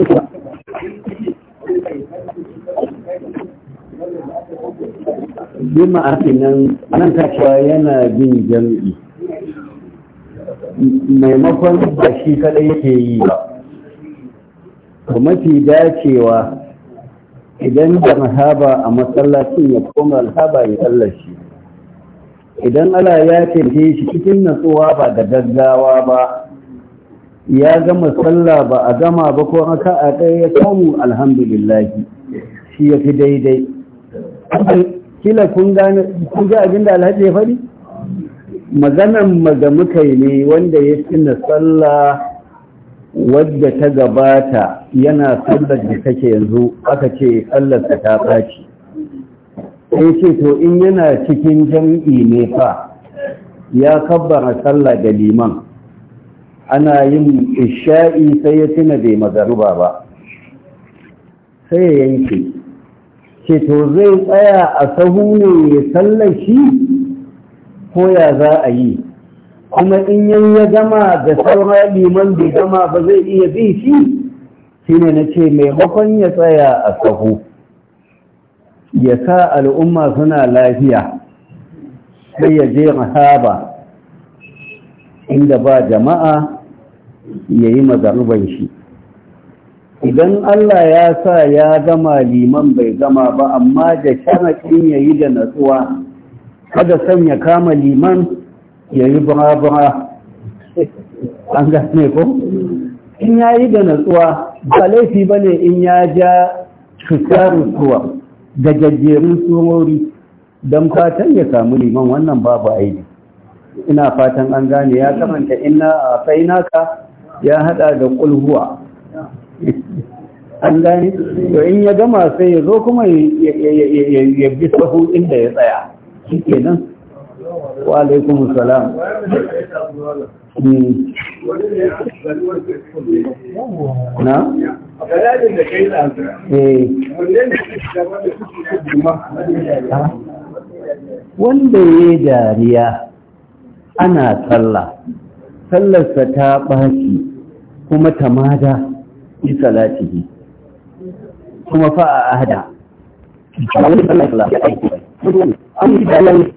nan nan yana jin jami'i maimakon ba shi kadai yake yi ba kuma mafi dacewa idan da mahaba a masallacin ya koma alhaba ya tsallashi idan ala ya taimake shi cikin natsuwa ba da gaggawa ba ya gama tsalla ba a gama ba ko aka a ɗaya ya samu alhamdulillahi shi ya fi daidai kila kun ga abin da alhaji ya faɗi maganan maga muka ne wanda ya fi na tsalla wadda ta gabata yana sallar da kake yanzu aka ce sallarsa ta ɓaci sai ce to in yana cikin jam'i ne fa ya kabbara sallah da liman ana yin isha'i sai ya tuna bai magaruba ba sai ya yanke ce to zai tsaya a sahu ne ya sallar shi ko ya za a yi kuma in yan ya gama da sauran liman bai gama ba zai iya bi shi shine na ce maimakon ya tsaya a sahu ya sa al'umma suna lafiya sai ya je mahaba inda ba jama'a ya yi mazarubar shi idan Allah ya sa ya gama liman bai gama ba amma da shanak'in ya yi da natsuwa kada son ya kama liman ya yi bura-bura an ne ko in ya yi da natsuwa ba laifi ba ne in ya ja cutarun suwa da jajjerun tsorori don fatan ya samu liman wannan babu aini ina fatan an gane ya kamanta ina a fainaka ya hada da kulhuwa an gane to in ya gama sai ya zo kuma ya bi sahu inda ya tsaya shi kenan وعليكم السلام salam wanda ya yi dariya ana tsalla tsallarsa ta ɓaci kuma ta mada yi salatihi kuma fa'a a ahada wani tsallarsa ya ya aiki an yi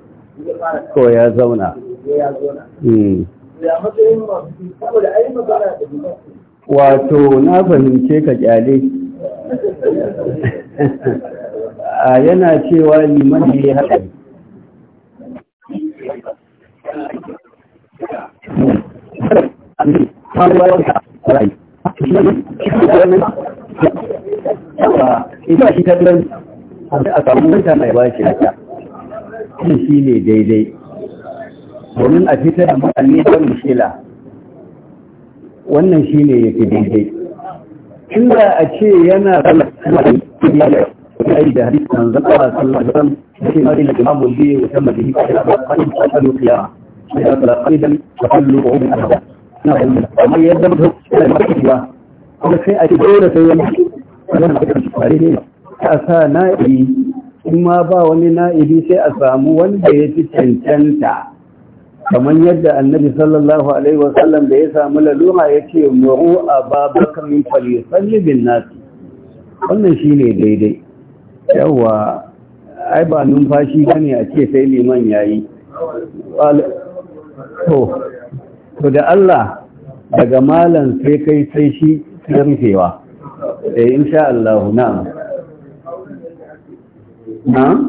ko ya zauna hmm. wato na fahimce ka kyale a yana cewa liman ne ya haɗari ita shi ta a samun mutane ya ba shi kan shi ne daidai domin a fitar da mutane da mushila wannan shi ne ya fi daidai in za a ce yana da hadisi nan zan ƙara sallar da ran da ke mari da biyu wata majalisa da ba a yi tsakanin kiyama da ya tsara ƙaidan da kallo ko wani abu na wani amma yadda mutum yana da makashi ba kuma sai a ce dole sai wani wani makashi kware ne ta sa na yi kuma ba wani na'ibi sai a samu wanda ya ci cancanta kamar yadda annabi sallallahu alaihi wasallam da ya samu lalura ya ce muru a babakar fali falisalli bin nasi wannan shi ne daidai yawa ai ba numfashi ba ne a ce sai liman ya yi to da Allah daga malam sai kai sai shi rufewa eh insha Allah na'am na?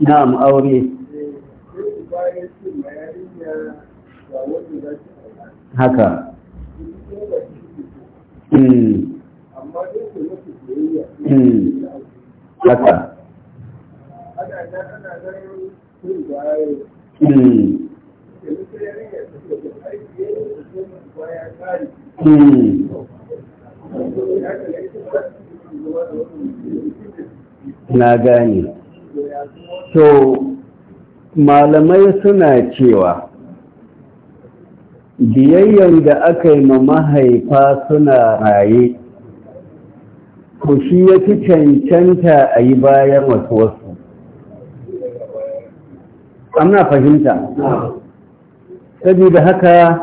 na'am aure haka hmm. Hmm. haka Mm. na gane to malamai suna cewa biyayyar da aka yi ma mahaifa suna raye kushi shi ya fi cancanta a yi bayan wasu wasu amma fahimta saboda haka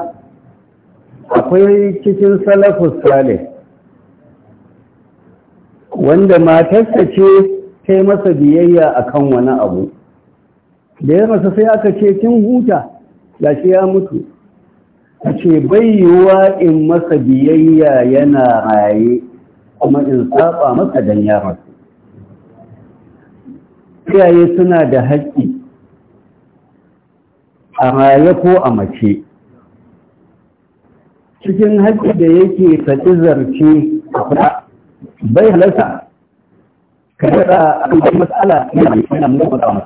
akwai cikin salafus salih wanda matarsa ce kai masa biyayya a kan wani abu da ya masa sai aka ce kin huta ya shi ya mutu a ce yiwuwa in masa biyayya yana raye kuma in saba masa don rasu iyaye suna da haƙƙi a raye ko a mace cikin haƙƙi da yake ta zarce bai halarta. ka rasa abin da mas'ala yana mai yana mun kuma tsawon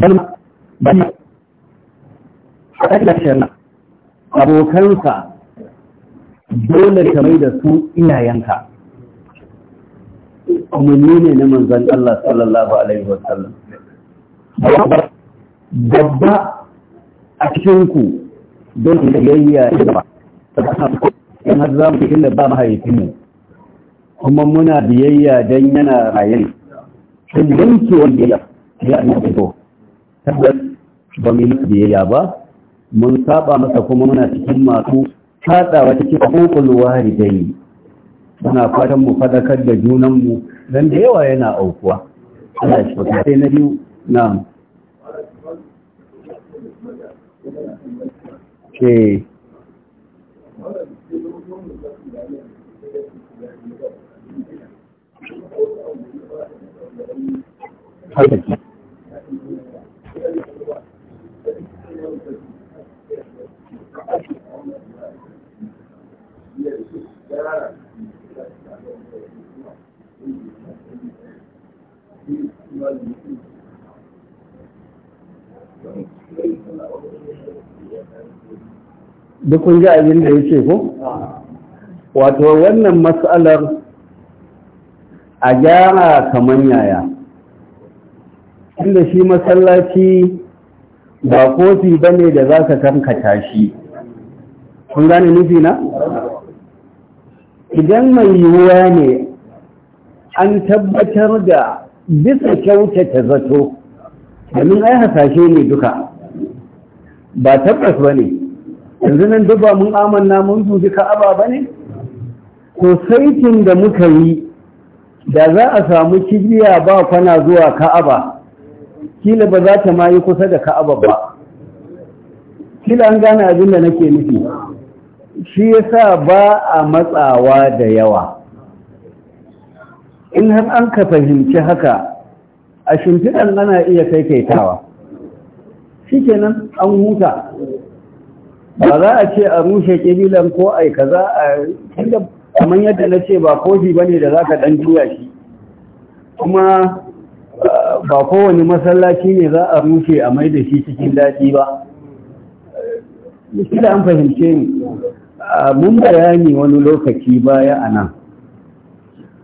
salma bani a ɗaki da shirin abokansa dole ka mai da su iyayenka umarni ne na manzan Allah sallallahu alaihi wa wasallam babba a cikinku don da yayya ya ba in har za mu cikin da ba mahaifinmu kuma muna biyayya don yana raye ingancewar biyayya ya ina fito tabbas ba mu yi biyayya ba mun saba masa kuma muna cikin masu fadawa cikin da yi muna fatan mu fadakar da junan mu dan da yawa yana aukuwa Allah shi fata sai na biyu na. haka ke duk kun ji abin da ya ce ko? wato wannan matsalar a gyara kamar yaya inda shi masallaci ba kofi ba ne da za ka kankata shi kun gane nufi na? idan mai yiwuwa ne an tabbatar da bisa kyautata zato domin ai hasashe ne duka ba tabbas ba ne yanzu nan duba mun amanna mun zuci ka'aba ba ne Ko saitin da muka yi da za a samu kibiya ba kwana zuwa ka'aba kila ba za ta ma yi kusa da ka'aba ba kila an gane abin da nake nufi shi yasa ba a matsawa da yawa in har an ka fahimci haka a shimfiɗan ana iya kai kaitawa shi kenan an huta ba za a ce a rushe ƙibilan ko ai kaza a kamar yadda na ce ba kofi ba ne da za ka ɗan juya shi kuma ba kowane masallaci ne za a rushe a mai da shi cikin daɗi ba da an fahimce ni mun bayani wani lokaci baya a nan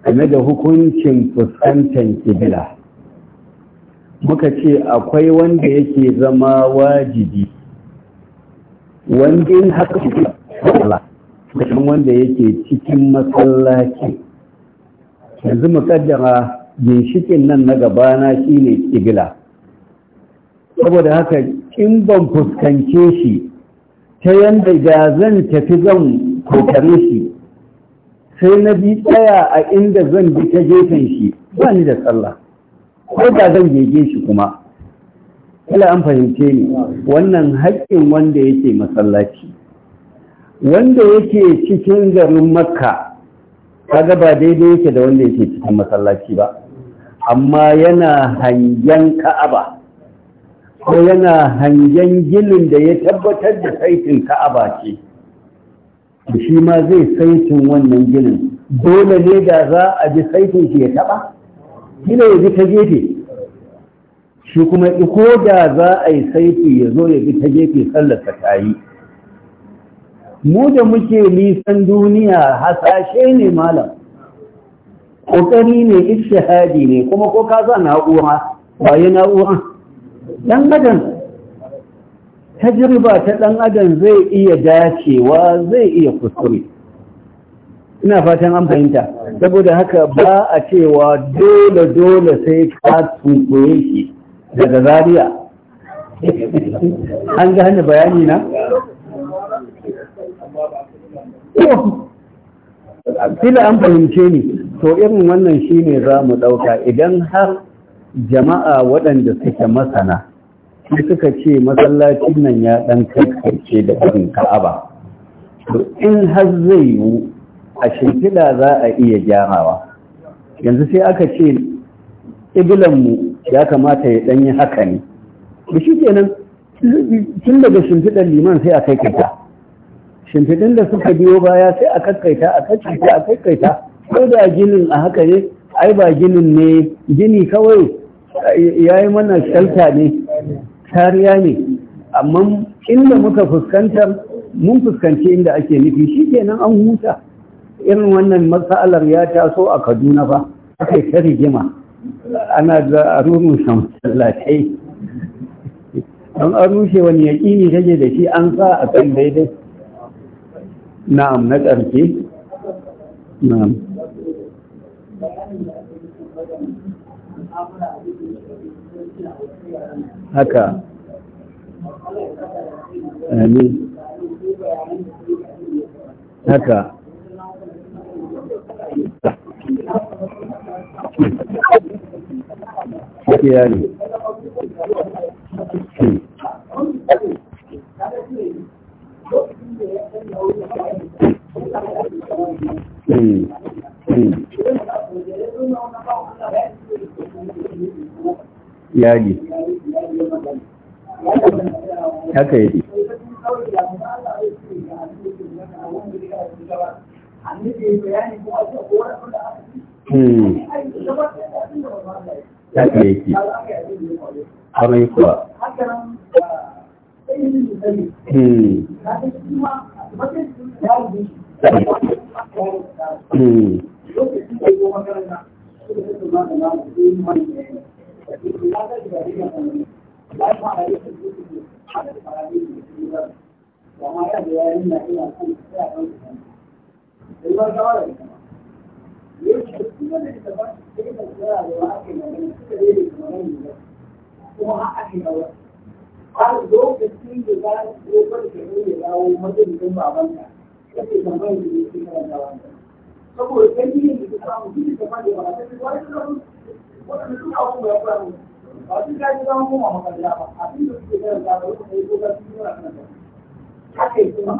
game da hukuncin fuskantar kibila muka ce akwai wanda yake zama wajibi wanda in haka shi wanda yake cikin masallaci yanzu mu kaddara ginshikin nan na gabana shine igila saboda haka in ban fuskance shi ta yadda da zan tafi zan kokare shi sai na bi tsaya a inda zan bi ta gefen shi ba ni da sallah ko da zan gege shi kuma kila an fahimce ni wannan haƙƙin wanda yake masallaci wanda yake cikin garin makka kaga ba daidai yake da wanda yake cikin masallaci ba amma yana hangen ka'aba ko yana hangen ginin da ya tabbatar da saitin ka'aba ce shi ma zai saitin wannan ginin dole ne da za a ji saitin shi ya taba gina ya ji ta gefe shi kuma iko da za a yi saiti ya zo ya bi ta gefe sallarsa ta yi mu da muke nisan duniya hasashe ne malam kokari ne ishahadi ne kuma ko ka za na'ura ba yi na'ura dan adam jirba ta dan adam zai iya dacewa zai iya kuskure ina fatan an fahimta saboda haka ba a cewa dole dole sai ka tunkuye shi daga zariya an gane bayani na kila an fahimce ni to irin wannan shi ne za mu ɗauka idan har jama'a waɗanda suke masana sai suka ce masallacin nan ya ɗan karkarce da ɗin ka'aba to in har zai yiwu a shimfiɗa za a iya gyarawa yanzu sai aka ce mu ya kamata ya ɗanyi haka ne da shi kenan tun daga shimfiɗar liman sai a kai kaita shimfiɗin da suka biyo baya sai a kakkaita a kakkaita a kakkaita ko da ginin a haka ne ai ba ginin ne gini kawai ya yi mana shelta ne kariya ne amma inda muka fuskantar mun fuskanci inda ake nufi shi kenan an huta irin wannan matsalar ya taso a kaduna ba aka yi ta ana da rurin shamsallatai don an rushe wani yaƙi ne take da shi an sa a kan daidai na'am na ƙarfe na'am haka amin haka gaskiya ne hmm. hmm. hmm. yaji haka yake hmm. haka yake kuwa Thank hmm. you. Hmm. amma ta da yayin na ina son ta a ta sai ba ta wala ita yake da ba sai ta tsara da ake magana ta da yake magana kuma ake dawo har lokacin da za su ba ta ne ya dawo majalisin babanta kake tambayar da yake karanta wannan saboda dalilin da ta samu duk da da ba ce wani sun wani sun abu ya fara ba su gaji zama koma makaranta ba abin da ba Ɗahai hmm.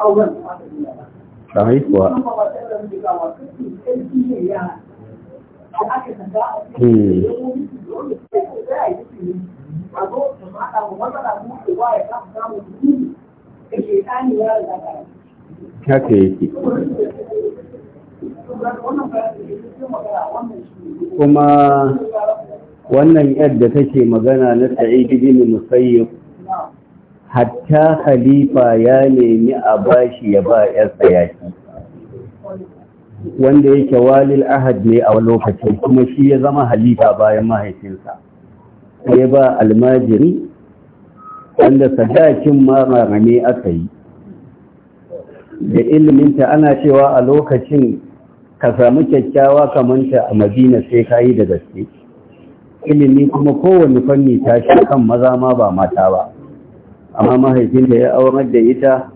Kuma wannan yadda take magana na sa'idu bin Musayyib hatta Khalifa ya nemi a bashi ya ba yarsa shi. wanda yake walil ahad ne a lokacin kuma shi ya zama halifa bayan mahaifinsa sai ba almajiri wanda sadakin marara ne aka yi da ilminta ana cewa a lokacin ka samu kyakkyawa kamanta a madina sai ka yi da gaske ilimi kuma kowane fanni ta shi kan maza ma ba mata ba amma mahaifinta ya aurar da ita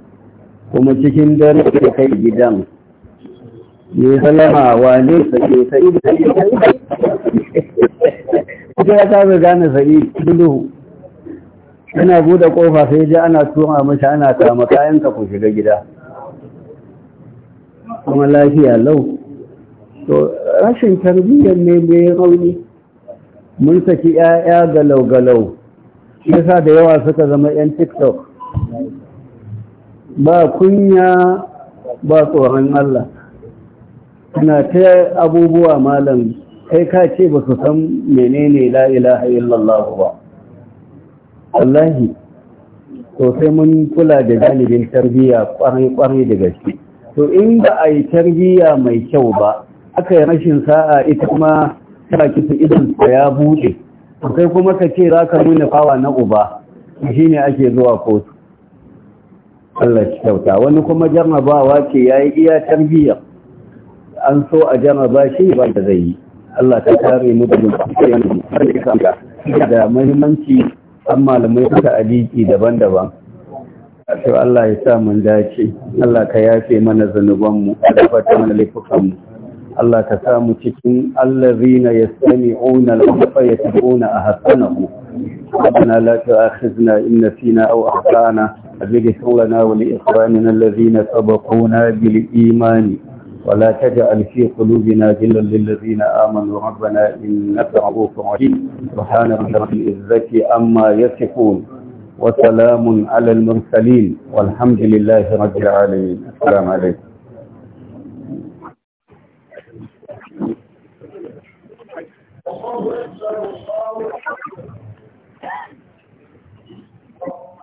kuma cikin dare ta kai gidan ne salama wa ne sake sai da ita ya kasa gane sai duhu yana bude kofa sai ji ana tura mashi ana kama kayanka ku shiga gida kuma lafiya lau to rashin tarbiyyar ne mai rauni mun saki 'ya'ya galau-galau yasa da yawa suka zama 'yan tiktok ba kunya ba tsoron Allah suna ta abubuwa malam kai ka ce ba su san menene la ilaha illallah ba wallahi sosai mun kula da galibin tarbiyya kwarai-kwarai da gaske to in ba a yi tarbiyya mai kyau ba aka yi rashin sa'a ita kuma ta kitu idan ya buɗe akwai kuma ka ce za ka nuna fawa na uba shi ne ake zuwa kotu Allah shi kyauta wani kuma jarrabawa ce ya yi iya tarbiyya an so a jarraba shi ba da zai yi Allah ta kare mu da da muhimmanci an malamai suka aliki daban-daban to Allah ya sa mun dace Allah ka yafe mana zanubanmu ka dafa ta mana laifukanmu Allah ka samu cikin allazina yastami'una al-qawla yattabi'una ahsanahu ربنا لا تؤاخذنا إن نسينا أو أخطأنا اغفر لنا ولإخواننا الذين سبقونا بالإيمان ولا تجعل في قلوبنا غلا للذين آمنوا ربنا إنك رؤوف رحيم سبحان ربك العزة عما يصفون وسلام على المرسلين والحمد لله رب العالمين السلام عليكم Lord,